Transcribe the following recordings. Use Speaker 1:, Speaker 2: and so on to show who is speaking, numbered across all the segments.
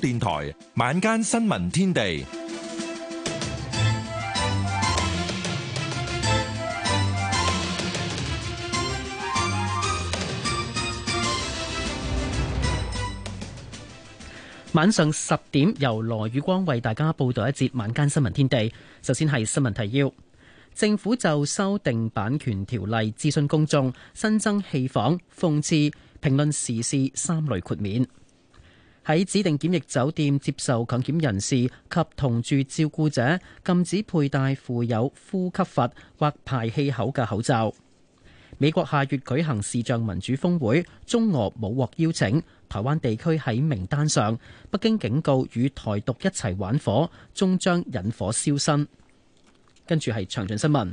Speaker 1: 電台晚間新聞天
Speaker 2: 地，
Speaker 3: 晚上十點由羅宇光為大家報道一節晚間新聞天地。首先係新聞提要，政府就修訂版權條例諮詢公眾，新增戲仿、諷刺、評論時事三類豁免。喺指定檢疫酒店接受強檢人士及同住照顧者，禁止佩戴附有呼吸閥或排氣口嘅口罩。美國下月舉行視像民主峰會，中俄冇獲邀請，台灣地區喺名單上。北京警告與台獨一齊玩火，終將引火燒身。跟住係詳盡新聞，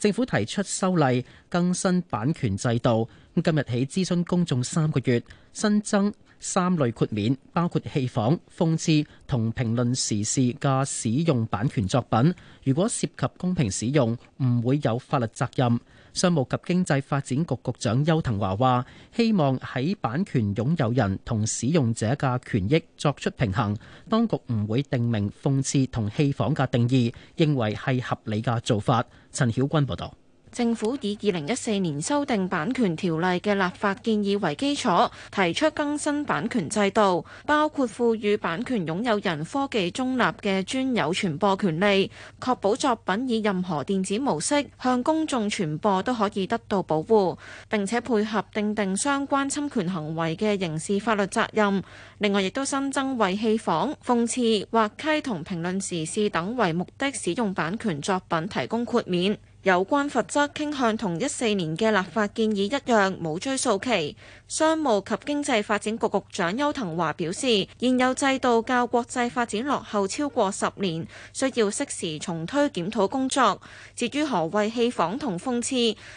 Speaker 3: 政府提出修例更新版權制度，咁今日起諮詢公眾三個月，新增。三類豁免包括戲仿、諷刺同評論時事嘅使用版權作品。如果涉及公平使用，唔會有法律責任。商務及經濟發展局局長邱騰華話：希望喺版權擁有人同使用者嘅權益作出平衡。當局唔會定名諷刺同戲仿嘅定義，認為係合理嘅做法。陳曉君報導。
Speaker 4: 政府以二零一四年修訂版權條例嘅立法建議為基礎，提出更新版權制度，包括賦予版權擁有人科技中立嘅專有傳播權利，確保作品以任何電子模式向公眾傳播都可以得到保護。並且配合訂定相關侵權行為嘅刑事法律責任。另外，亦都新增為戲仿、諷刺、滑稽同評論時事等為目的使用版權作品提供豁免。有關罰則傾向同一四年嘅立法建議一樣，冇追訴期。商務及經濟發展局局長邱騰華表示，現有制度較國際發展落後超過十年，需要適時重推檢討工作。至於何謂戲仿同諷刺，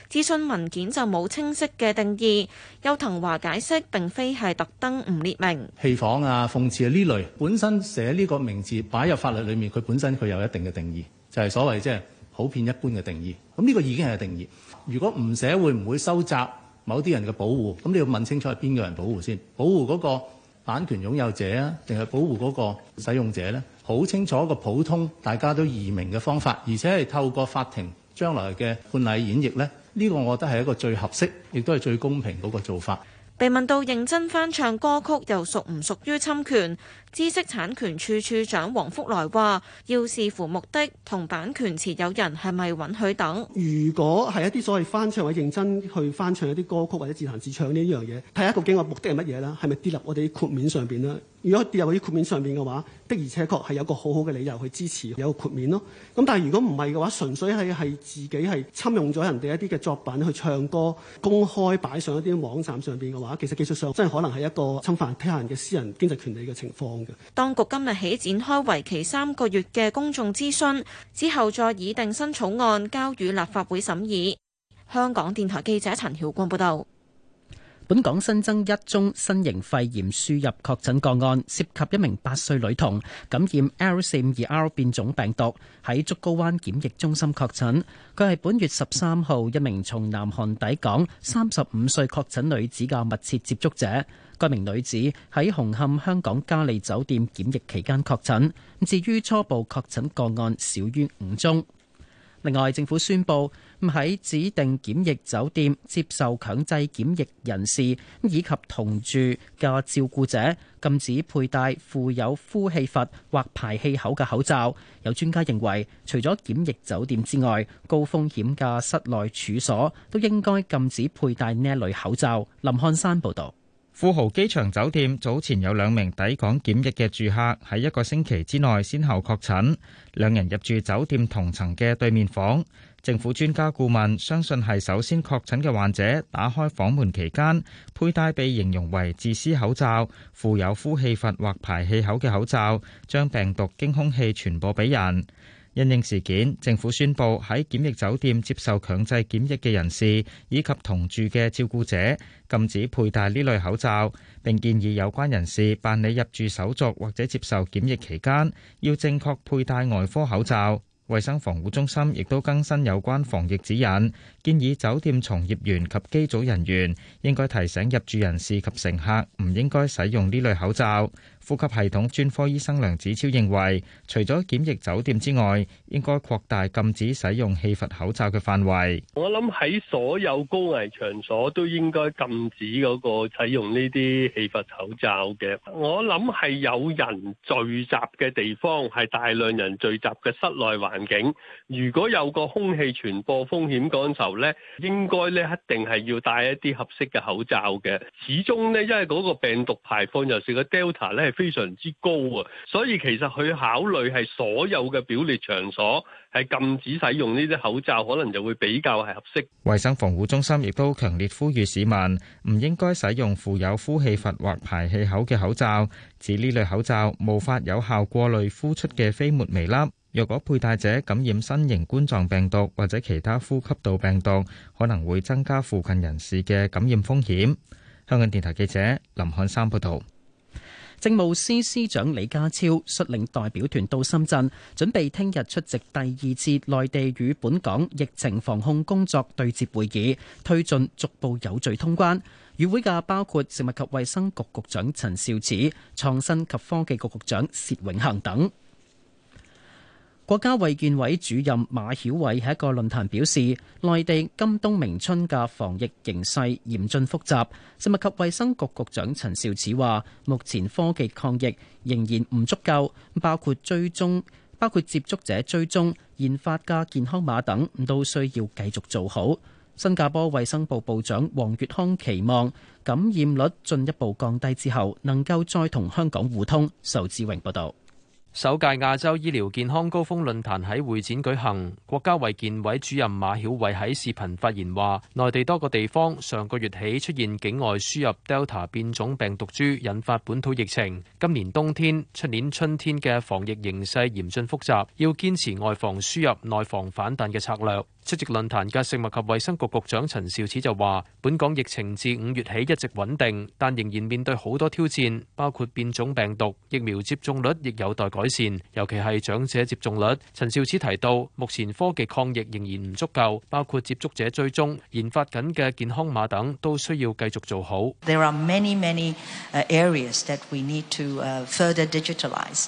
Speaker 4: 諮詢文件就冇清晰嘅定義。邱騰華解釋，並非係特登唔列明
Speaker 1: 戲仿啊、諷刺呢類本身寫呢個名字擺入法律裡面，佢本身佢有一定嘅定義，就係、是、所謂即係。普遍一般嘅定義，咁呢個已經係定義，如果唔寫會唔會收窄某啲人嘅保護，咁你要問清楚係邊個人保護先？保護嗰個版權擁有者啊，定係保護嗰個使用者咧？好清楚一個普通大家都易明嘅方法，而且係透過法庭將來嘅判例演繹咧，呢個我覺得係一個最合適亦都係最公平嗰個做法。
Speaker 4: 被問到認真翻唱歌曲又屬唔屬於侵權，知識產權處處長黃福來話：要視乎目的同版權持有人係咪允許等。
Speaker 5: 如果係一啲所謂翻唱或者認真去翻唱一啲歌曲或者自彈自唱呢樣嘢，睇下究竟我嘅目的係乜嘢啦，係咪跌落我哋啲豁免上邊呢？如果跌入嗰啲豁免上面嘅話，的而且確係有個好好嘅理由去支持有個豁免咯。咁但係如果唔係嘅話，純粹係係自己係侵用咗人哋一啲嘅作品去唱歌，公開擺上一啲網站上邊嘅話，其實技術上真係可能係一個侵犯他人嘅私人經濟權利嘅情況嘅。
Speaker 4: 當局今日起展開為期三個月嘅公眾諮詢，之後再擬定新草案交予立法會審議。香港電台記者陳曉光報道。
Speaker 3: 本港新增一宗新型肺炎輸入確診個案，涉及一名八歲女童，感染 L 四五二 R 變種病毒，喺竹篙灣檢疫中心確診。佢係本月十三號一名從南韓抵港三十五歲確診女子嘅密切接觸者。該名女子喺紅磡香港嘉利酒店檢疫期間確診。至於初步確診個案少於五宗。另外，政府宣布。喺指定檢疫酒店接受強制檢疫人士，以及同住嘅照顧者，禁止佩戴附有呼氣閥或排氣口嘅口罩。有專家認為，除咗檢疫酒店之外，高風險嘅室內處所都應該禁止佩戴呢一類口罩。林漢山報道。富
Speaker 6: 豪機場酒店早前有兩名抵港檢疫嘅住客喺一個星期之內先後確診，兩人入住酒店同層嘅對面房。政府專家顧問相信係首先確診嘅患者打開房門期間，佩戴被形容為自私口罩、附有呼氣閥或排氣口嘅口罩，將病毒經空氣傳播俾人。因應事件，政府宣布喺檢疫酒店接受強制檢疫嘅人士以及同住嘅照顧者，禁止佩戴呢類口罩，並建議有關人士辦理入住手續或者接受檢疫期間要正確佩戴外科口罩。衛生防護中心亦都更新有關防疫指引，建議酒店從業員及機組人員應該提醒入住人士及乘客唔應該使用呢類口罩。呼吸系統專科醫生梁子超認為，除咗檢疫酒店之外，應該擴大禁止使用氣閥口罩嘅範圍。
Speaker 7: 我諗喺所有高危場所都應該禁止嗰個使用呢啲氣閥口罩嘅。我諗係有人聚集嘅地方，係大量人聚集嘅室內環境，如果有個空氣傳播風險嗰時候咧，應該咧一定係要戴一啲合適嘅口罩嘅。始終咧，因為嗰個病毒排放，尤其是個 Delta 咧係，非常之高啊！所以其實佢考慮係所有嘅表列場所係禁止使用呢啲口罩，可能就會比較係
Speaker 6: 合適。衞生防護中心亦都強烈呼籲市民唔應該使用附有呼氣閥或排氣口嘅口罩，指呢類口罩無法有效過濾呼出嘅飛沫微粒。若果佩戴者感染新型冠狀病毒或者其他呼吸道病毒，可能會增加附近人士嘅感染風險。香港電台記者
Speaker 3: 林漢山報道。政務司司長李家超率領代表團到深圳，準備聽日出席第二次內地與本港疫情防控工作對接會議，推進逐步有序通關。與會嘅包括食物及衛生局局長陳肇始、創新及科技局局長薛永恆等。國家衛健委主任馬曉偉喺一個論壇表示，內地今冬明春嘅防疫形勢嚴峻複雜。食物及衛生局局長陳肇始話：目前科技抗疫仍然唔足夠，包括追蹤、包括接觸者追蹤、研發嘅健康碼等都需要繼續做好。新加坡衛生部部長黃月康期望感染率進一步降低之後，能夠再同香港互通。仇志榮報導。首屆亞洲
Speaker 8: 醫療健康高峰論壇喺會展舉行，國家衛健委主任馬曉偉喺視頻發言話：內地多個地方上個月起出現境外輸入 Delta 變種病毒株，引發本土疫情。今年冬天、出年春天嘅防疫形勢嚴峻複雜，要堅持外防輸入、內防反彈嘅策略。出席論壇嘅食物及衛生局局長陳肇始就話：本港疫情自五月起一直穩定，但仍然面對好多挑戰，包括變種病毒、疫苗接種率亦有待改善，尤其係長者接種率。陳肇始提到，目前科技抗疫仍然唔足夠，包括接觸者追蹤、研發緊嘅健康碼等，都需要繼續做好。
Speaker 9: There are many, many areas that we need to further digitalize.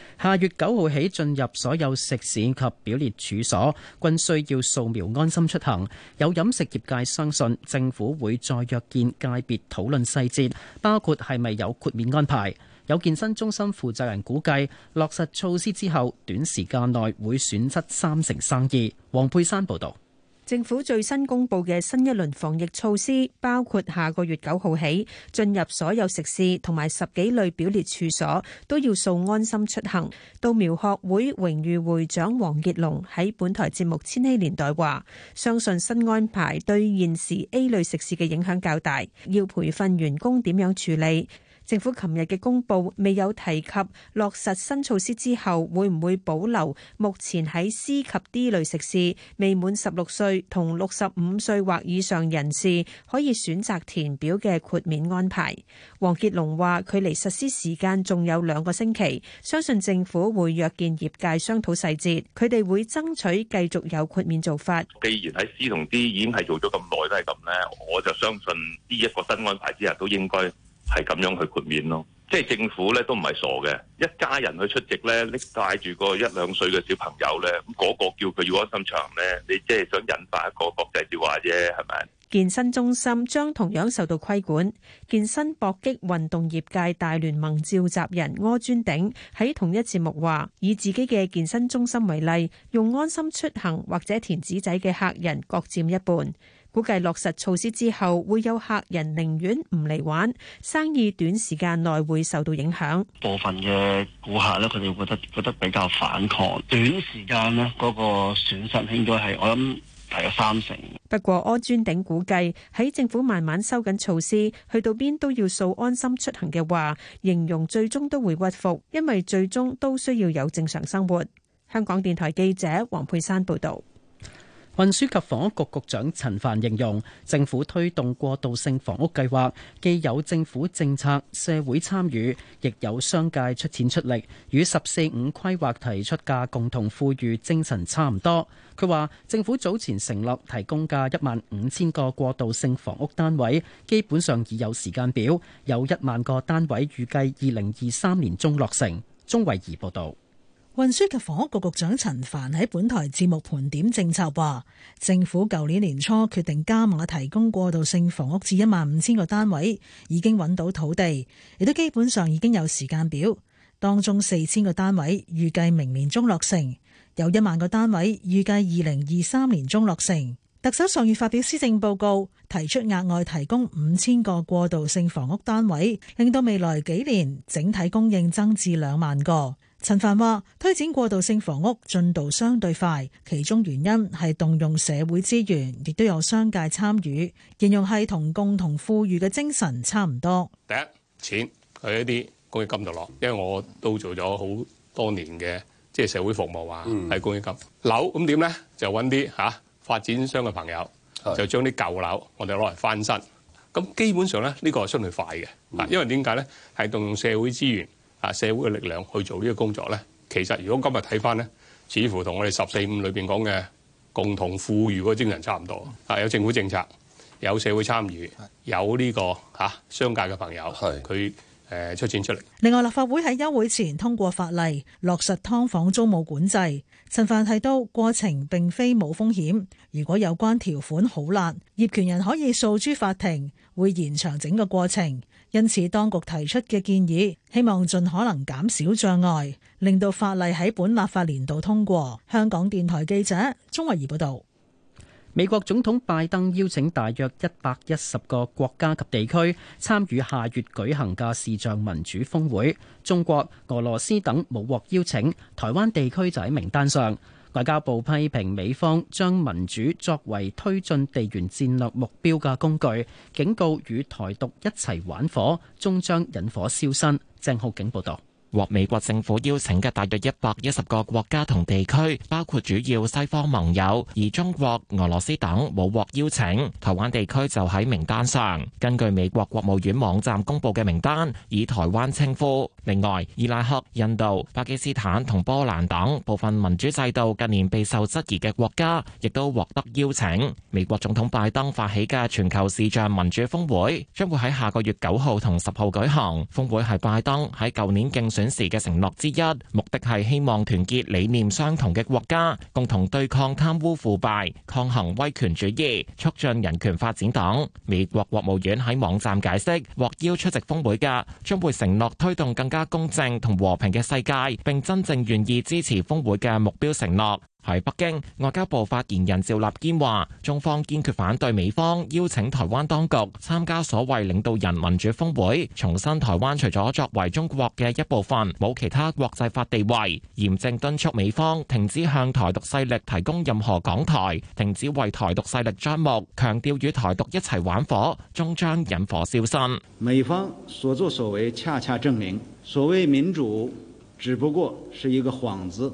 Speaker 3: 下月九號起進入所有食肆及表列處所，均需要掃描安心出行。有飲食業界相信政府會再約見界別討論細節，包括係咪有豁免安排。有健身中心負責人估計，落實措施之後短時間內會損失三成生意。黃佩珊報導。
Speaker 10: 政府最新公布嘅新一輪防疫措施，包括下個月九號起，進入所有食肆同埋十幾類表列處所都要掃安心出行。到苗學會榮譽會長黃傑龍喺本台節目《千禧年代》話，相信新安排對現時 A 類食肆嘅影響較大，要培訓員工點樣處理。政府琴日嘅公布未有提及落實新措施之後會唔會保留目前喺 C 及 D 類食肆未滿十六歲同六十五歲或以上人士可以選擇填表嘅豁免安排。黃傑龍話：距離實施時間仲有兩個星期，相信政府會約見業界商討細節，佢哋會爭取繼續有豁免做法。
Speaker 7: 既然喺 C 同 D 已經係做咗咁耐都係咁咧，我就相信呢一個新安排之下都應該。係咁樣去豁免咯，即係政府咧都唔係傻嘅，一家人去出席咧，拎帶住個一兩歲嘅小朋友咧，嗰個叫佢要安心出行咧，你即係想引發一個國際笑話啫，係咪？
Speaker 10: 健身中心將同樣受到規管，健身搏擊運動業界大聯盟召集人柯尊鼎喺同一節目話，以自己嘅健身中心為例，用安心出行或者填紙仔嘅客人各佔一半。估計落實措施之後，會有客人寧願唔嚟玩，生意短時間內會受到影響。
Speaker 11: 部分嘅顧客呢，佢哋覺得覺得比較反抗，短時間呢，嗰、那個損失應該係我諗大約三成。
Speaker 10: 不過柯尊鼎估計喺政府慢慢收緊措施，去到邊都要掃安心出行嘅話，形容最終都會屈服，因為最終都需要有正常生活。香港電台記者黃佩珊報道。
Speaker 3: 運輸及房屋局局長陳帆形容，政府推動過渡性房屋計劃，既有政府政策、社會參與，亦有商界出錢出力，與十四五規劃提出嘅共同富裕精神差唔多。佢話政府早前承諾提供嘅一萬五千個過渡性房屋單位，基本上已有時間表，有一萬個單位預計二零二三年中落成。鍾慧儀報道。
Speaker 12: 運輸及房屋局局長陳帆喺本台節目盤點政策，話政府舊年年初決定加盟嘅提供過渡性房屋至一萬五千個單位，已經揾到土地，亦都基本上已經有時間表。當中四千個單位預計明年中落成，有一萬個單位預計二零二三年中落成。特首上月發表施政報告，提出額外提供五千個過渡性房屋單位，令到未來幾年整體供應增至兩萬個。陳帆話，推展過渡性房屋進度相對快，其中原因係動用社會資源，亦都有商界參與，形容係同共同富裕嘅精神差唔多。第一，
Speaker 7: 錢，去一啲公益金度落，因為我都做咗好多年嘅，即係社會服務啊，喺公益金。樓咁點咧，就揾啲吓發展商嘅朋友，是就將啲舊樓我哋攞嚟翻新。咁基本上咧，呢、這個係相對快嘅，嗯、因為點解咧，係動用社會資源。啊！社會嘅力量去做呢個工作咧，其實如果今日睇翻咧，似乎同我哋十四五裏邊講嘅共同富裕個精神差唔多。係有政府政策，有社會參與，有呢個嚇商界嘅朋友，佢誒出錢出力。
Speaker 12: 是另外，立法會喺休會前通過法例，落實劏房租務管制。陳凡提到，過程並非冇風險，如果有關條款好辣，業權人可以訴諸法庭，會延長整個過程。因此，當局提出嘅建議，希望盡可能減少障礙，令到法例喺本立法年度通過。香港電台記者鍾慧儀報道。
Speaker 3: 美國總統拜登邀請大約一百一十個國家及地區參與下月舉行嘅視像民主峰會，中國、俄羅斯等冇獲邀請，台灣地區就喺名單上。外交部批評美方將民主作為推進地緣戰略目標嘅工具，警告與台獨一齊玩火，終將引火燒身。鄭浩景報道。獲美國政府邀請嘅大約一百一十個國
Speaker 13: 家同地區，包括主要西方盟友，而中國、俄羅斯等冇獲邀請。台灣地區就喺名單上。根據美國國務院網站公布嘅名單，以台灣稱呼。另外，伊拉克、印度、巴基斯坦同波蘭等部分民主制度近年備受質疑嘅國家，亦都獲得邀請。美國總統拜登發起嘅全球視像民主峰會，將會喺下個月九號同十號舉行。峰會係拜登喺舊年競選時嘅承諾之一，目的係希望團結理念相同嘅國家，共同對抗貪污腐敗、抗衡威權主義、促進人權發展等。美國國務院喺網站解釋，獲邀出席峰會嘅，將會承諾推動更。加公正同和平嘅世界，並真正願意支持峰會嘅目標承諾。喺北京，外交部發言人趙立堅話，中方堅決反對美方邀請台灣當局參加所謂領導人民主峰會，重申台灣除咗作為中國嘅一部分，冇其他國際法地位，嚴正敦促美方停止向台獨勢力提供任何港台，停止為台獨勢力張目，強調與台獨一齊玩火，終將引火燒身。
Speaker 5: 美方所作所為恰恰證明所謂民主，只不過是一個幌子，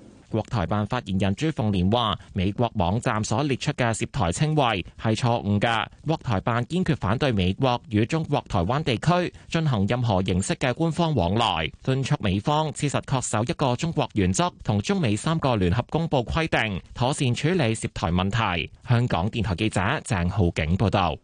Speaker 13: 國台辦發言人朱鳳蓮話：美國網站所列出嘅涉台稱謂係錯誤嘅，國台辦堅決反對美國與中國台灣地區進行任何形式嘅官方往來，敦促美方切實恪守一個中國原則同中美三個聯合公報規定，妥善處
Speaker 3: 理涉台問題。香港電台記者鄭浩景報道。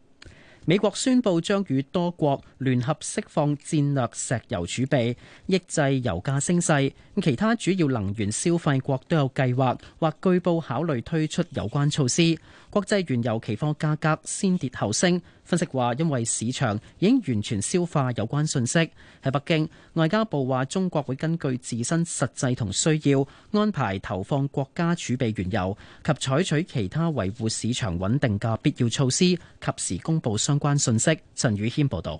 Speaker 3: 美國宣布將與多國聯合釋放戰略石油儲備，抑制油價升勢。其他主要能源消費國都有計劃或據報考慮推出有關措施。國際原油期貨價格先跌後升，分析話因為市場已經完全消化有關信息。喺北京，外交部話中國會根據自身實際同需要安排投放國家儲備原油及採取其他維護市場穩定嘅必要措施，及時公布相關信息。
Speaker 2: 陳宇謙報道。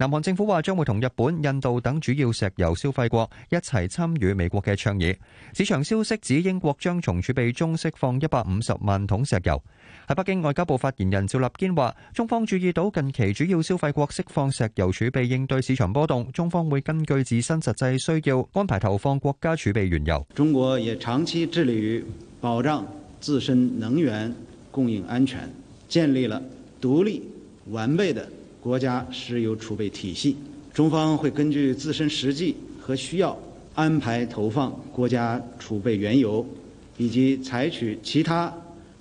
Speaker 2: 南韓政府話將會同日本、印度等主要石油消費國一齊參與美國嘅倡議。市場消息指英國將從儲備中釋放一百五十萬桶石油。喺北京外交部發言人趙立堅話，中方注意到近期主要消費國釋放石油儲備應對市場波動，中方會根據自身實際需要安排投放國家儲備原油。
Speaker 5: 中國也長期致力於保障自身能源供應安全，建立了獨立完備的。國家石油儲備體系，中方會根據自身實際和需要安排投放國家儲備原油，以及採取其他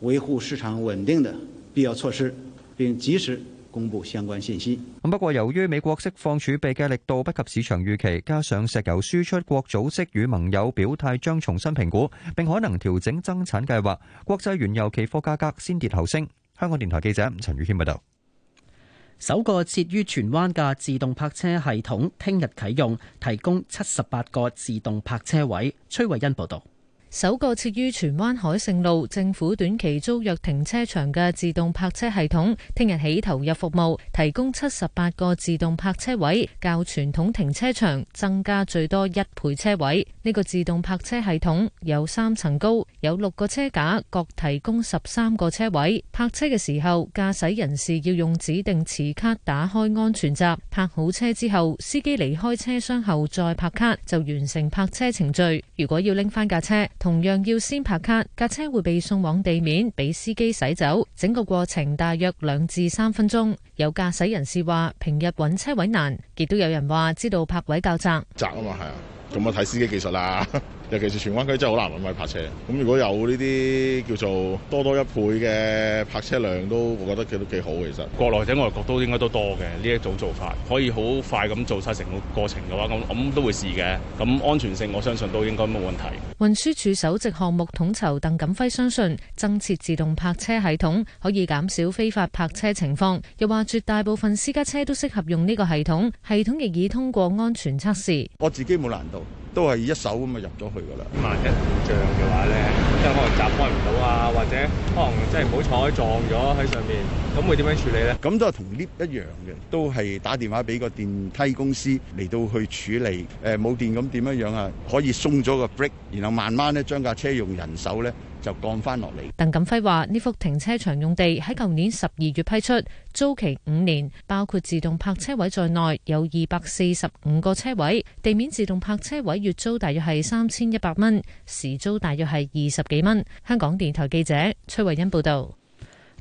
Speaker 5: 維護市場穩定的必要措施，並及時公布相關信息。
Speaker 2: 咁不過，由於美國釋放儲備嘅力度不及市場預期，加上石油輸出國組織與盟友表態將重新評估，並可能調整增產計劃，國際原油期貨價格先跌後升。香港電台記者陳宇謙報道。首個設於荃灣嘅自動泊車系統
Speaker 3: 聽日啟用，提供七十八個自動泊車位。崔慧欣報道。
Speaker 14: 首個設於荃灣海盛路政府短期租約停車場嘅自動泊車系統，聽日起投入服務，提供七十八個自動泊車位，較傳統停車場增加最多一倍車位。呢、這個自動泊車系統有三層高，有六個車架，各提供十三個車位。泊車嘅時候，駕駛人士要用指定持卡打開安全閘，泊好車之後，司機離開車廂後再拍卡，就完成泊車程序。如果要拎返架車，同樣要先拍卡，架車會被送往地面，俾司機駛走。整個過程大約兩至三分鐘。有駕駛人士話平日揾車位難，亦都有人話知道泊位較窄。窄啊嘛，係啊。
Speaker 2: 咁啊，睇司機技術啦。 尤其是荃灣區真係好難揾位泊車，咁如果有呢啲叫做多多一倍嘅泊車量，都，我覺得佢都幾好，其實國內
Speaker 7: 或者外國都應該都多嘅呢一種做法，可以好快咁做晒成個過程嘅話，咁咁都會試嘅。咁安全性我相信都應該冇問題。
Speaker 14: 運輸署首席項目統籌鄧錦輝相信增設自動泊車系統可以減少非法泊車情況，又話絕大部分私家車都適合用呢個系統，系統亦已通過安全測試，我自己冇難度。都係一手咁啊，入咗去噶啦。
Speaker 5: 萬一故
Speaker 7: 障嘅話咧，即係可能閘開唔到啊，或者可能即係唔好彩撞咗喺上面，咁會點樣處理
Speaker 5: 咧？咁都係同 lift 一樣嘅，都係打電話俾個電梯公司嚟到去處理。誒，冇電咁點樣樣啊？可以鬆咗個 brake，然後慢慢咧將架車用人手咧。就降翻落嚟。
Speaker 14: 鄧錦輝話，呢幅停車場用地喺舊年十二月批出，租期五年，包括自動泊車位在內有二百四十五個車位。地面自動泊車位月租大約係三千一百蚊，時租大約係二十幾蚊。香港電台記者崔慧欣報道。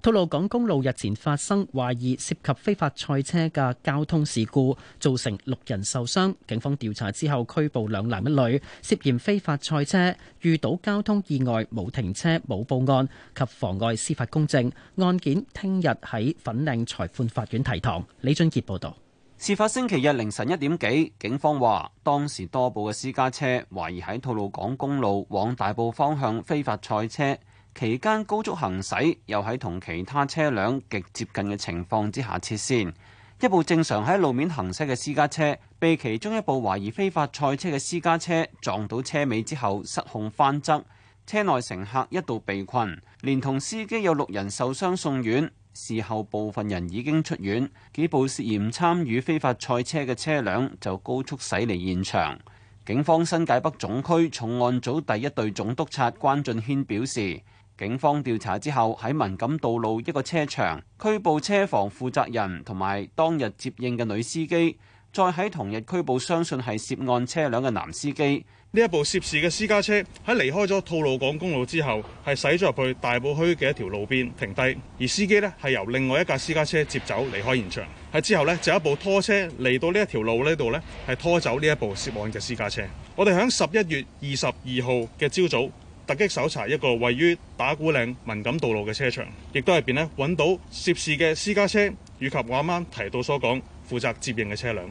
Speaker 14: 吐露港公路
Speaker 3: 日前發生懷疑涉，涉及非法賽車嘅交通事故，造成六人受傷。警方調查之後拘捕兩男一女，涉嫌非法賽車、遇到交通意外冇停車、冇報案及妨礙司法公正。案件聽日喺粉嶺裁判法院提堂。李俊傑報導。
Speaker 11: 事發星期日凌晨一點幾，警方話當時多部嘅私家車懷疑喺吐露港公路往大埔方向非法賽車。期間高速行駛，又喺同其他車輛極接近嘅情況之下切線。一部正常喺路面行駛嘅私家車，被其中一部懷疑非法賽車嘅私家車撞到車尾之後失控翻側，車內乘客一度被困，連同司機有六人受傷送院。事後部分人已經出院，幾部涉嫌參與非法賽車嘅車輛就高速駛離現場。警方新界北總區重案組第一隊總督察關俊軒表示。警方調查之後，喺文錦道路一個車場拘捕車房負責人同埋當日接應嘅女司機，再喺同日拘捕相信係涉案車輛嘅男司機。呢一部涉事嘅私家車喺離開咗
Speaker 8: 吐露港公路之後，係駛咗入去大埔區嘅一條路邊停低，而司機呢，係由另外一架私家車接走離開現場。喺之後呢，就有一部拖車嚟到呢一條路呢度呢係拖走呢一部涉案嘅私家車。我哋響十一月二十二號嘅朝早。突擊搜查一個位於打鼓嶺文錦渡路嘅車場，亦都喺邊咧揾到
Speaker 11: 涉事嘅私家車以及我啱啱提到所講負責接應嘅車輛。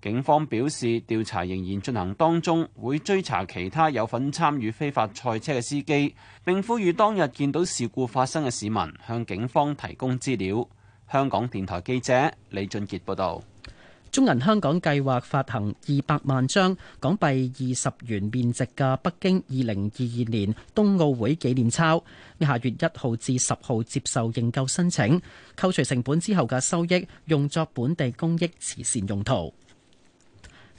Speaker 11: 警方表示調查仍然進行當中，會追查其他有份參與非法賽車嘅司機，並呼籲當日見到事故發生嘅市民向警方提供資
Speaker 3: 料。香港電台記者李俊杰報道。中銀香港計劃發行二百萬張港幣二十元面值嘅北京二零二二年冬奧會紀念鈔，下月一號至十號接受認購申請，扣除成本之後嘅收益用作本地公益慈善用途。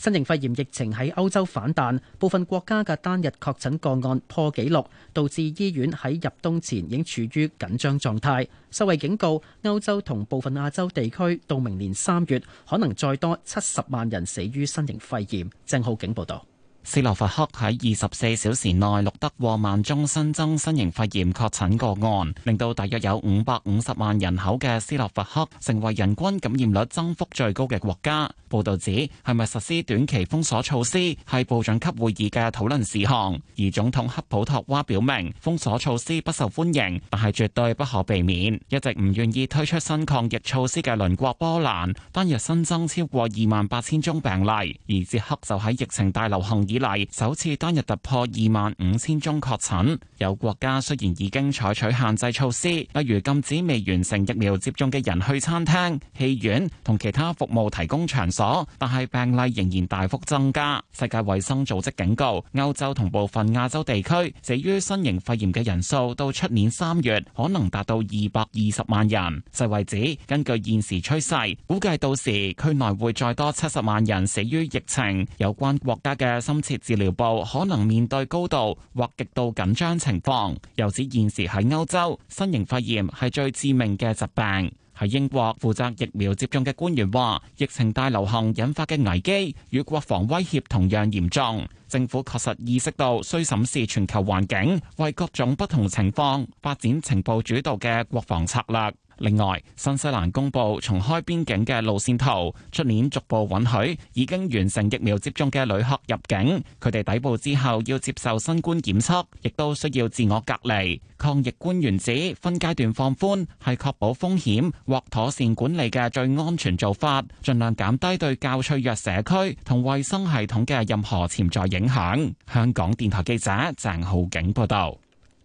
Speaker 3: 新型肺炎疫情喺歐洲反彈，部分國家嘅單日確診個案破紀錄，導致醫院喺入冬前已經處於緊張狀態。世衛警告，歐洲同部分亞洲地區到明年三月，可能再多七十萬人死於新型肺炎。鄭浩景報道。
Speaker 13: 斯洛伐克喺二十四小時內錄得過萬宗新增新型肺炎確診個案，令到大約有五百五十萬人口嘅斯洛伐克成為人均感染率增幅最高嘅國家。報導指，係咪實施短期封鎖措施係部長級會議嘅討論事項。而總統克普托娃表明，封鎖措施不受歡迎，但係絕對不可避免。一直唔願意推出新抗疫措施嘅鄰國波蘭，單日新增超過二萬八千宗病例，而捷克就喺疫情大流行以嚟首次單日突破二萬五千宗確診。有國家雖然已經採取限制措施，例如禁止未完成疫苗接種嘅人去餐廳、戲院同其他服務提供場所，但係病例仍然大幅增加。世界衛生組織警告，歐洲同部分亞洲地區死於新型肺炎嘅人數到出年三月可能達到二百二十萬人。世衛指，根據現時趨勢，估計到時區內會再多七十萬人死於疫情。有關國家嘅深設治療部可能面對高度或極度緊張情況，由此現時喺歐洲，新型肺炎係最致命嘅疾病。喺英國負責疫苗接種嘅官員話，疫情大流行引發嘅危機與國防威脅同樣嚴重。政府確實意識到需審視全球環境，為各種不同情況發展情報主導嘅國防策略。另外，新西蘭公布重開邊境嘅路線圖，出年逐步允許已經完成疫苗接種嘅旅客入境。佢哋抵埗之後要接受新冠檢測，亦都需要自我隔離。抗疫官員指，分階段放寬係確保風險獲妥善管理嘅最安全做法，盡量減低對較脆弱社區同衛生系統嘅任何潛在影響。香港電台記者鄭浩景報
Speaker 3: 道。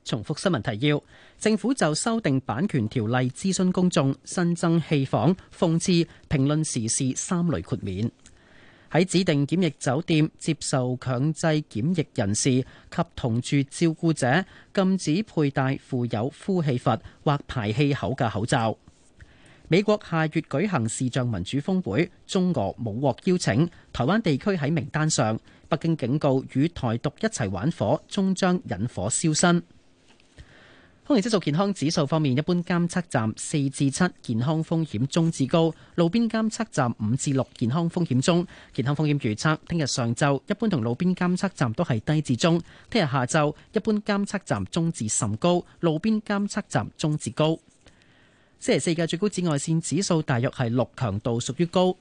Speaker 3: 重複新聞提要。政府就修訂版權條例諮詢公眾，新增戲仿、諷刺、評論時事三類豁免。喺指定檢疫酒店接受強制檢疫人士及同住照顧者禁止佩戴附有呼氣閥或排氣口嘅口罩。美國下月舉行視像民主峰會，中俄冇獲邀請，台灣地區喺名單上。北京警告與台獨一齊玩火，終將引火燒身。空氣質素健康指數方面，一般監測站四至七，健康風險中至高；路邊監測站五至六，健康風險中。健康風險預測：聽日上晝，一般同路邊監測站都係低至中；聽日下晝，一般監測站中至甚高，路邊監測站中至高。星期四嘅最高紫外線指數大約係六，強度屬於高。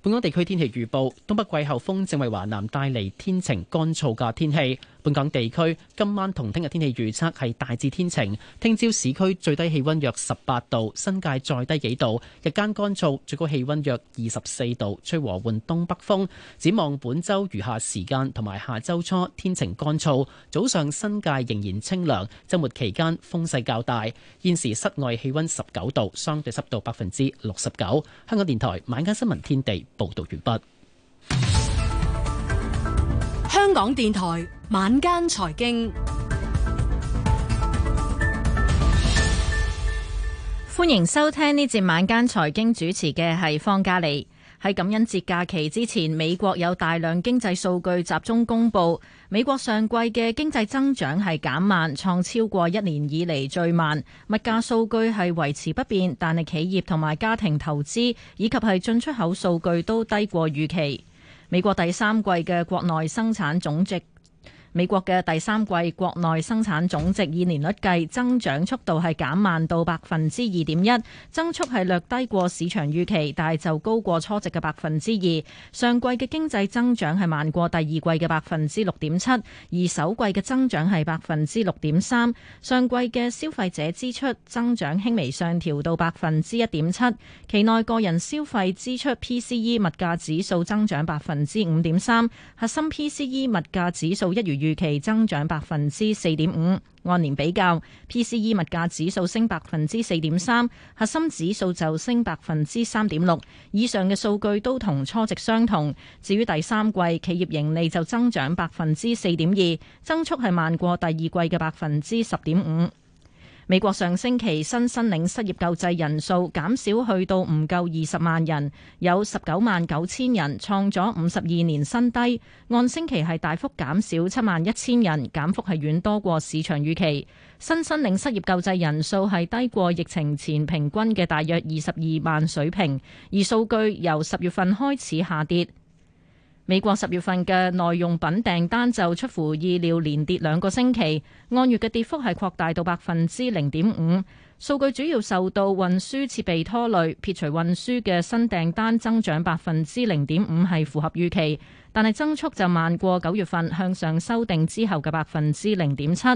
Speaker 3: 本港地區天氣預報：東北季候風正為華南帶嚟天晴乾燥嘅天氣。本港地區今晚同聽日天氣預測係大致天晴，聽朝市區最低氣温約十八度，新界再低幾度。日間乾燥，最高氣温約二十四度，吹和緩東北風。展望本週餘下時間同埋下周初天晴乾燥，早上新界仍然清涼。週末期間風勢較大。現時室外氣温十九度，相對濕度百分之六十九。香港電台晚間新聞天地報道完畢。
Speaker 9: 港電台晚間財經，歡迎收聽呢節晚間財經主持嘅係方嘉莉。喺感恩節假期之前，美國有大量經濟數據集中公布。美國上季嘅經濟增長係減慢，創超過一年以嚟最慢。物價數據係維持不變，但係企業同埋家庭投資以及係進出口數據都低過預期。美國第三季嘅國內生產總值。美國嘅第三季國內生產總值以年率計，增長速度係減慢到百分之二點一，增速係略低過市場預期，但係就高過初值嘅百分之二。上季嘅經濟增長係慢過第二季嘅百分之六點七，而首季嘅增長係百分之六點三。上季嘅消費者支出增長輕微上調到百分之一點七，期內個人消費支出 PCE 物價指數增長百分之五點三，核心 PCE 物價指數一月。預期增長百分之四點五，按年比較，PCE 物價指數升百分之四點三，核心指數就升百分之三點六，以上嘅數據都同初值相同。至於第三季企業盈利就增長百分之四點二，增速係慢過第二季嘅百分之十點五。美國上星期新申領失業救濟人數減少去到唔夠二十萬人，有十九萬九千人創咗五十二年新低，按星期係大幅減少七萬一千人，減幅係遠多過市場預期。新申領失業救濟人數係低過疫情前平均嘅大約二十二萬水平，而數據由十月份開始下跌。美國十月份嘅耐用品訂單就出乎意料連跌兩個星期，按月嘅跌幅係擴大到百分之零點五。數據主要受到運輸設備拖累，撇除運輸嘅新訂單增長百分之零點五係符合預期，但係增速就慢過九月份向上修訂之後嘅百分之零點七。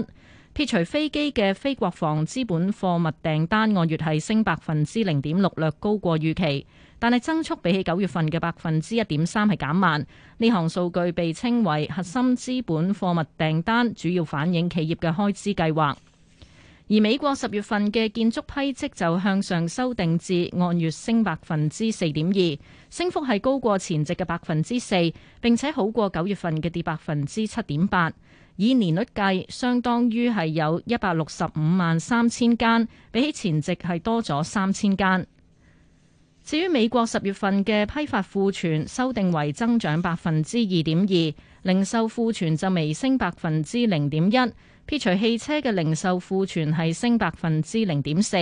Speaker 9: 撇除飛機嘅非國防資本貨物訂單按月係升百分之零點六，略高過預期。但係增速比起九月份嘅百分之一點三係減慢。呢項數據被稱為核心資本貨物訂單，主要反映企業嘅開支計劃。而美國十月份嘅建築批積就向上修訂至按月升百分之四點二，升幅係高過前值嘅百分之四，並且好過九月份嘅跌百分之七點八。以年率計，相當於係有一百六十五萬三千間，比起前值係多咗三千間。至於美國十月份嘅批發庫存，修訂為增長百分之二點二，零售庫存就微升百分之零點一。撇除汽車嘅零售庫存係升百分之零點四，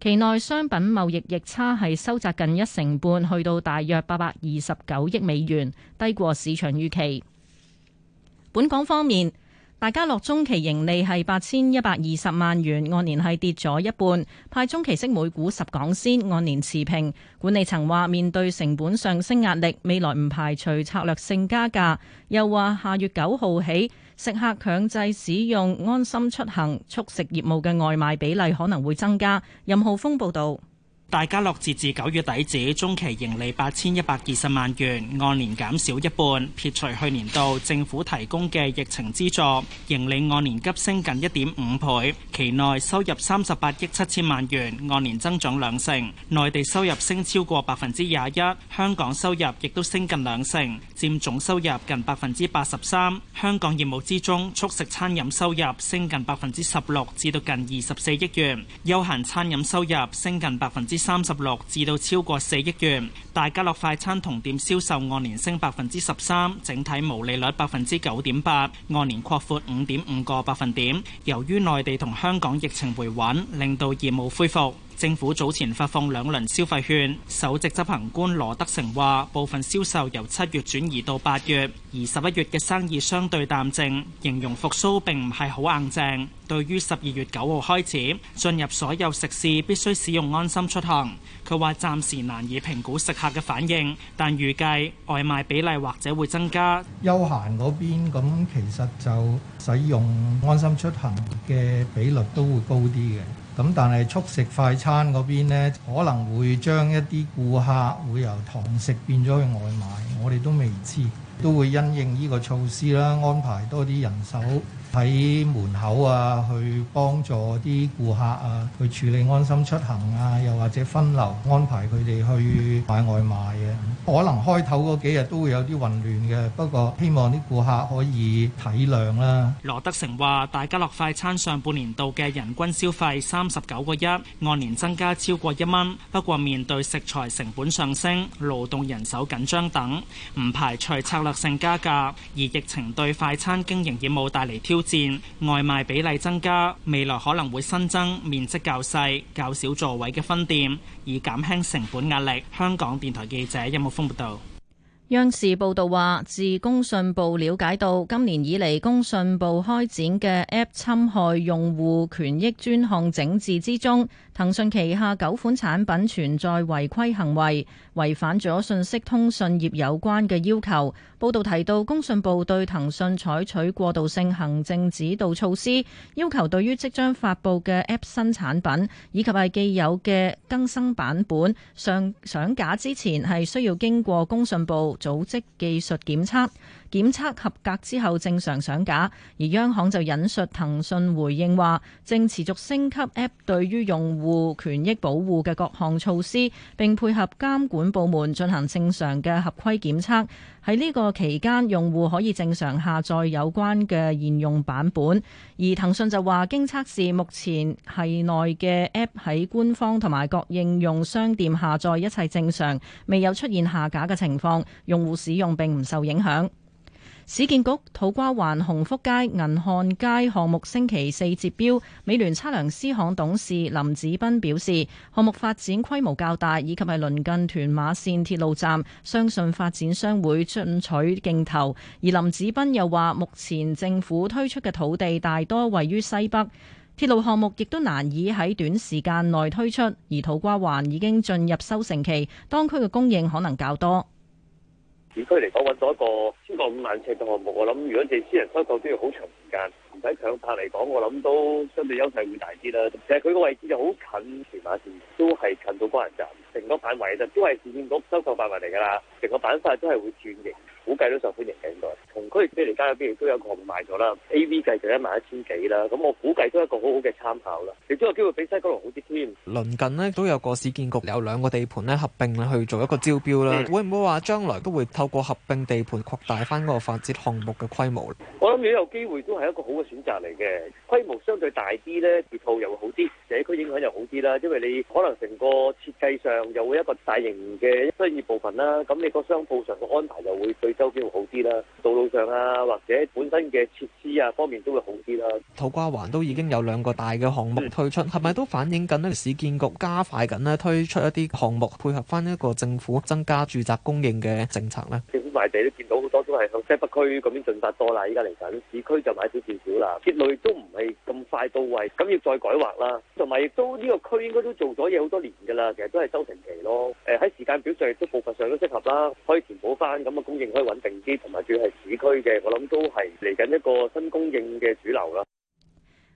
Speaker 9: 期內商品貿易逆差係收窄近一成半，去到大約八百二十九億美元，低過市場預期。本港方面。大家樂中期盈利係八千一百二十萬元，按年係跌咗一半，派中期息每股十港仙，按年持平。管理層話面對成本上升壓力，未來唔排除策略性加價，又話下月九號起，食客強制使用安心出行，速食業務嘅外賣比例可能會增加。任浩峰報道。大
Speaker 15: 家樂截至九月底止，中期盈利八千一百二十萬元，按年減少一半。撇除去年度政府提供嘅疫情資助，盈利按年急升近一點五倍。期內收入三十八億七千萬元，按年增長兩成。內地收入升超過百分之廿一，香港收入亦都升近兩成，佔總收入近百分之八十三。香港業務之中，速食餐飲收入升近百分之十六，至到近二十四億元。休閒餐飲收入升近百分之三十六至到超過四億元，大家樂快餐同店銷售按年升百分之十三，整體毛利率百分之九點八，按年擴闊五點五個百分點。由於內地同香港疫情回穩，令到業務恢復。政府早前發放兩輪消費券，首席執行官羅德成話部分銷售由七月轉移到八月，而十一月嘅生意相對淡靜，形容復蘇並唔係好硬淨。對於十二月九號開始進入所有食肆必須使用安心出行，佢話暫時難以評估食客嘅反應，但預計外賣比例或者會
Speaker 2: 增加。休閒嗰邊咁其實就使用安心出行嘅比率都會高啲嘅。咁但係速食快餐嗰邊呢，可能會將一啲顧客會由堂食變咗去外賣，我哋都未知，都會因應呢個措施啦，安排多啲人手。喺門口啊，去幫助啲顧客啊，去處理安心出行啊，又或者分流安排佢哋去買外賣啊。可能開頭嗰幾日都會有啲混亂嘅，不過希望啲顧客可以體諒啦、
Speaker 15: 啊。羅德成話大家樂快餐上半年度嘅人均消費三十九個一，按年增加超過一蚊。不過面對食材成本上升、勞動人手緊張等，唔排除策略性加價，而疫情對快餐經營業務帶嚟挑佔外賣比例增加，未來可能會新增面積較細、較少座位嘅分店，以減輕成本壓力。香港電台記者殷浩峰報道。
Speaker 9: 央視報道話，自工信部了解到，今年以嚟工信部開展嘅 App 侵害用戶權益專項整治之中，騰訊旗下九款產品存在違規行為，違反咗信息通訊業有關嘅要求。報道提到，工信部對騰訊採取過渡性行政指導措施，要求對於即將發佈嘅 App 新產品，以及係既有嘅更新版本，上上架之前係需要經過工信部，組織技術檢測。檢測合格之後正常上架，而央行就引述騰訊回應話，正持續升級 App 對於用戶權益保護嘅各項措施，並配合監管部門進行正常嘅合規檢測。喺呢個期間，用戶可以正常下載有關嘅現用版本。而騰訊就話，經測試，目前係內嘅 App 喺官方同埋各應用商店下載一切正常，未有出現下架嘅情況，用戶使用並唔受影響。市建局土瓜灣鴻福街銀漢街項目星期四截標，美聯測量師行董事林子斌表示，項目發展規模較大，以及係鄰近屯馬線鐵路站，相信發展商會進取競投。而林子斌又話，目前政府推出嘅土地大多位於西北，鐵路項目亦都難以喺短時間內推出，而土瓜灣已經進入收成期，當區嘅供應可能較多。
Speaker 7: 市區嚟講，搵到一個超過五萬尺嘅項目，我諗如果你私人收購都要好長時間，唔使強拍嚟講，我諗都相對優勢會大啲啦。其實佢個位置就好近荃馬綫，都係近到觀人站，成個範圍就都係市建局收購範圍嚟噶啦，成個板塊都係會轉型。估計都受歡迎嘅應同區車厘街入邊亦都有個賣咗啦，A V 計就一萬一千幾啦，咁我估計都係一個好好嘅參考啦。你都有機會比西九龍好啲添。
Speaker 13: 鄰近呢都有個市建局有兩個地盤咧合併去做一個招標啦，嗯、會唔會話將來都會透過合併地盤擴大
Speaker 2: 翻嗰個發展項目嘅規模？
Speaker 7: 我諗如果有機會都係一個好嘅選擇嚟嘅，規模相對大啲咧，地鋪又會好啲，社區影響又好啲啦。因為你可能成個設計上又會一個大型嘅商業部分啦，咁你個商鋪上嘅安排又會對。周邊會好啲啦，道路上啊，或者本身嘅設施啊方面都會好啲啦。
Speaker 2: 土瓜灣都
Speaker 13: 已經有兩個大嘅項目推出，係咪、嗯、都反映緊呢？市建局加快緊呢推出一啲項目，配合翻一個政府增加住宅供應嘅政策呢？政
Speaker 7: 府賣地都見到好多都係向西北區嗰邊進發多啦，依家嚟緊市區就買少少少啦。截流都唔係咁快到位，咁要再改劃啦。同埋亦都呢、呢個區應該都做咗嘢好多年㗎啦，其實都係收成期咯。誒、呃、喺時間表上亦都步伐上都適合啦，可以填補翻咁嘅供應。穩定啲，同埋主要係市區嘅，我諗都係嚟緊一個新供應嘅主流啦。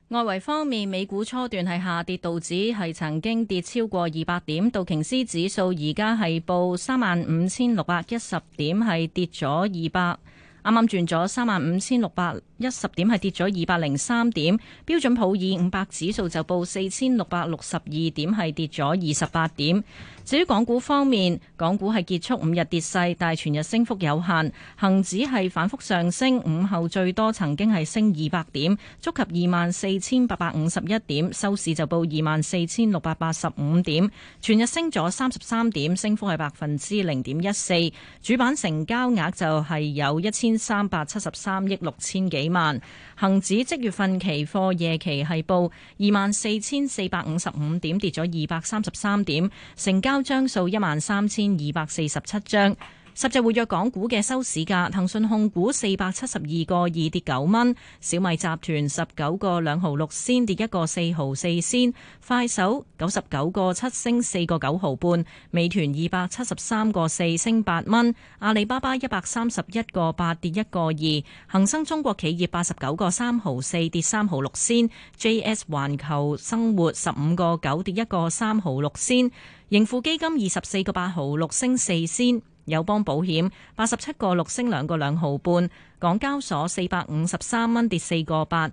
Speaker 9: 外圍方面，美股初段係下跌，道指係曾經跌超過二百點，道瓊斯指數而家係報三萬五千六百一十點，係跌咗二百。啱啱轉咗三萬五千六百一十點，係跌咗二百零三點。標準普爾五百指數就報四千六百六十二點，係跌咗二十八點。至於港股方面，港股係結束五日跌勢，但係全日升幅有限。恆指係反覆上升，午後最多曾經係升二百點，觸及二萬四千八百五十一點，收市就報二萬四千六百八十五點，全日升咗三十三點，升幅係百分之零點一四。主板成交額就係有一千三百七十三億六千幾萬。恆指即月份期貨夜期係報二萬四千四百五十五點，跌咗二百三十三點，成交，包張數一萬三千二百四十七張。十隻活躍港股嘅收市價，騰訊控股四百七十二個二跌九蚊，小米集團十九個兩毫六仙跌一個四毫四仙，快手九十九個七升四個九毫半，美團二百七十三個四升八蚊，阿里巴巴一百三十一個八跌一個二，恒生中國企業八十九個三毫四跌三毫六仙，J.S. 環球生活十五個九跌一個三毫六仙，盈富基金二十四個八毫六升四仙。友邦保險八十七個六升兩個兩毫半，6, 25，港交所四百五十三蚊跌四個八。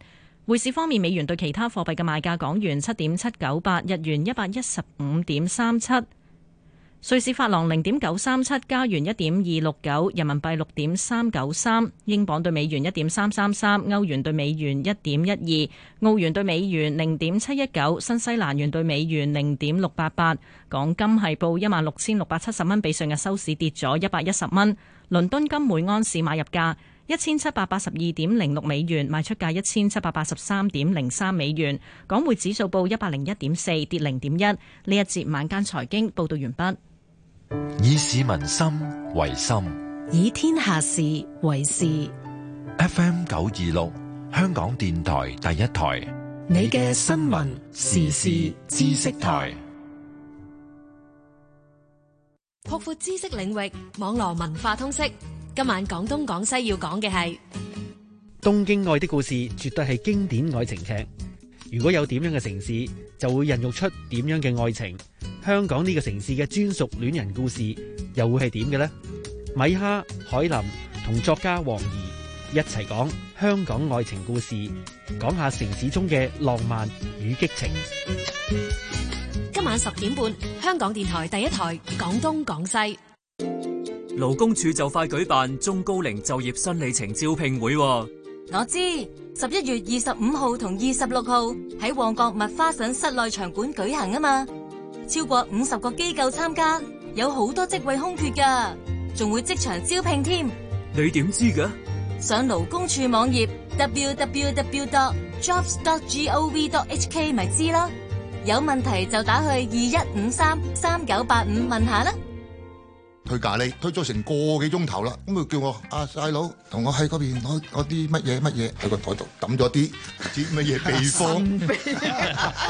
Speaker 9: 匯市方面，美元對其他貨幣嘅賣價，港元七點七九八，日元一百一十五點三七。瑞士法郎零點九三七，加元一點二六九，人民幣六點三九三，英鎊對美元一點三三三，歐元對美元一點一二，澳元對美元零點七一九，新西蘭元對美元零點六八八。港金係報一萬六千六百七十蚊，比上日收市跌咗一百一十蚊。倫敦金每安士買入價一千七百八十二點零六美元，賣出價一千七百八十三點零三美元。港匯指數報一百零一點四，跌零點一。呢一節晚間財經報道完畢。
Speaker 14: 以市民心為心，
Speaker 9: 以天下事
Speaker 14: 為事。F. M. 九二六，香港電台第一台，
Speaker 13: 你嘅新聞時事知識台，
Speaker 14: 擴闊知識領域，網絡文化通識。今晚講東講西要講嘅係
Speaker 8: 東京愛的故事，絕對係經典愛情劇。如果有點樣嘅城市，就會孕育出點樣嘅愛情。香港呢個城市嘅專屬戀人故事，又會係點嘅呢？米哈、海林同作家黃怡一齊講香港愛情故事，講下城市中嘅
Speaker 11: 浪漫與激情。
Speaker 14: 今晚十點半，香港電台第一台《講東講西》。
Speaker 11: 勞工處就快舉辦中高齡就業新里程招聘會。
Speaker 14: 我知十一月二十五號同二十六號喺旺角麥花臣室內場館舉行啊嘛，超過五十個機構參加，有好多職位空缺噶，仲會即場招聘添。
Speaker 13: 你點
Speaker 8: 知噶？
Speaker 14: 上勞工處網頁 www.jobs.gov.hk 咪知咯。有問題就打去二一五三三九八五問下啦。
Speaker 13: 推咖喱推咗成個幾鐘頭啦，咁佢叫我阿細佬同我喺嗰邊攞攞啲乜嘢乜嘢喺個台度抌咗啲唔知乜嘢秘方，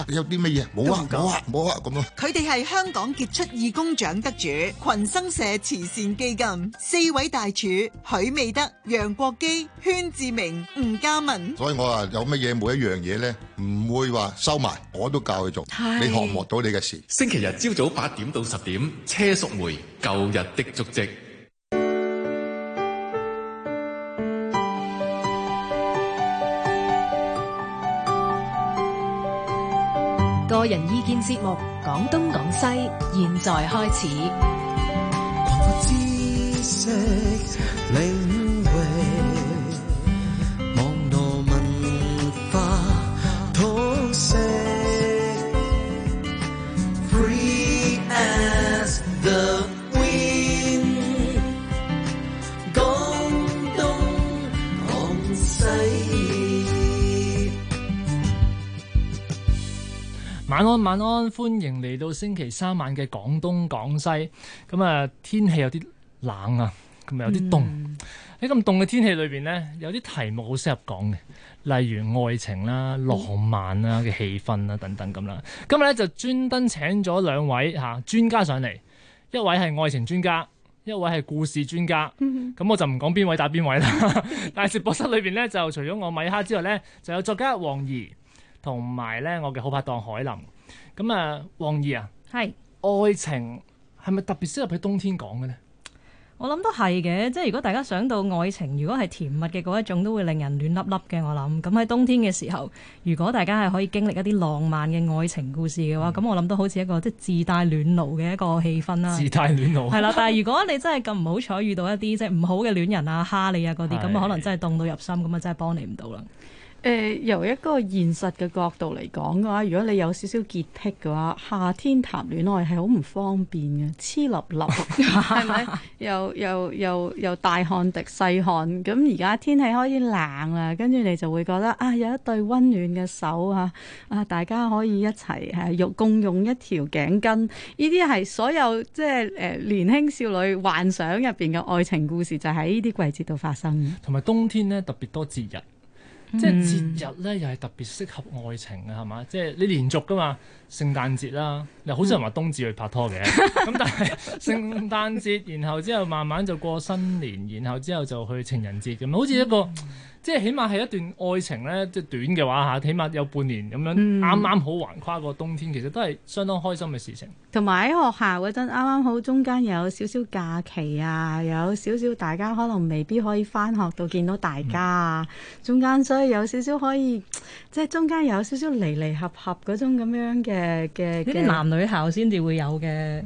Speaker 13: 有啲乜嘢冇啊冇啊冇啊咁啊！
Speaker 12: 佢哋係香港傑出義工獎得主群生社慈善基金四位大廚許美德、楊國基、宣志明、吳家文。
Speaker 13: 所以我話有乜嘢每一樣嘢咧，唔會話收埋，我都教佢做，
Speaker 2: 唉你學唔
Speaker 12: 學
Speaker 13: 到你嘅事。星期日朝早八點到十
Speaker 8: 點車淑梅舊日的足跡。
Speaker 12: 個人意見節目《廣東廣西》，現在開始。
Speaker 1: 晚安，晚安，歡迎嚟到星期三晚嘅廣東廣西。咁啊，天氣有啲冷啊，咁啊有啲凍。喺咁凍嘅天氣裏邊呢，有啲題目好適合講嘅，例如愛情啦、啊、浪漫啊嘅氣氛啦、啊、等等咁啦。今日咧就專登請咗兩位吓專家上嚟，一位係愛情專家，一位係故事專家。咁、嗯嗯、我就唔講邊位打邊位啦。 但係直播室裏邊呢，就除咗我米哈之外呢，就有作家黃怡同埋呢我嘅好拍檔海林。咁啊，王儀啊，係愛情係咪特別適合喺冬天講嘅呢？
Speaker 9: 我諗都係嘅，即係如果大家想到愛情，
Speaker 10: 如果係甜蜜嘅嗰一種，都會令人暖粒粒嘅。我諗咁喺冬天嘅時候，如果大家係可以經歷一啲浪漫嘅愛情故事嘅話，咁、嗯、我諗都好似一個即係自帶暖爐嘅一個氣氛啦。自帶暖爐係啦，但係如果你真係咁唔好彩遇到一啲即係唔好嘅戀人啊、蝦你啊嗰啲，咁可能真係凍到入心，咁啊真係幫你唔到啦。誒、呃，由一個現實嘅角度嚟講嘅話，如果你有少少潔癖嘅話，夏天談戀愛係好唔方便嘅，黐立立，係咪？ 又又又又大汗滴細汗，咁而家天氣開始冷啦，跟住你就會覺得啊，有一對温暖嘅手啊，啊，大家可以一齊係用共用一條頸巾，呢啲係所有即係誒年輕少女幻想入邊嘅愛情故事，就喺呢啲季節度發生嘅。同埋冬天呢，特別多節日。即係節日咧，又係特別適合愛
Speaker 1: 情嘅係嘛？即係你連續噶嘛？聖誕節啦，又好少人話冬至去拍拖嘅。咁 但係聖誕節，然後之後慢慢就過新年，然後之後就去情人節咁，好似一個。即係起碼係一段愛情咧，即係短嘅話吓，起碼有半年咁樣，啱啱，嗯、好橫跨過冬天，其實都係相當開心嘅事情。
Speaker 10: 同埋喺學校嗰陣啱啱好中間有少少假期啊，有少少大家可能未必可以翻學到見到大家啊，嗯、中間所以有少少可以，即係中間有少少
Speaker 12: 離離合合嗰種咁樣嘅嘅。呢啲男女校先至會有嘅。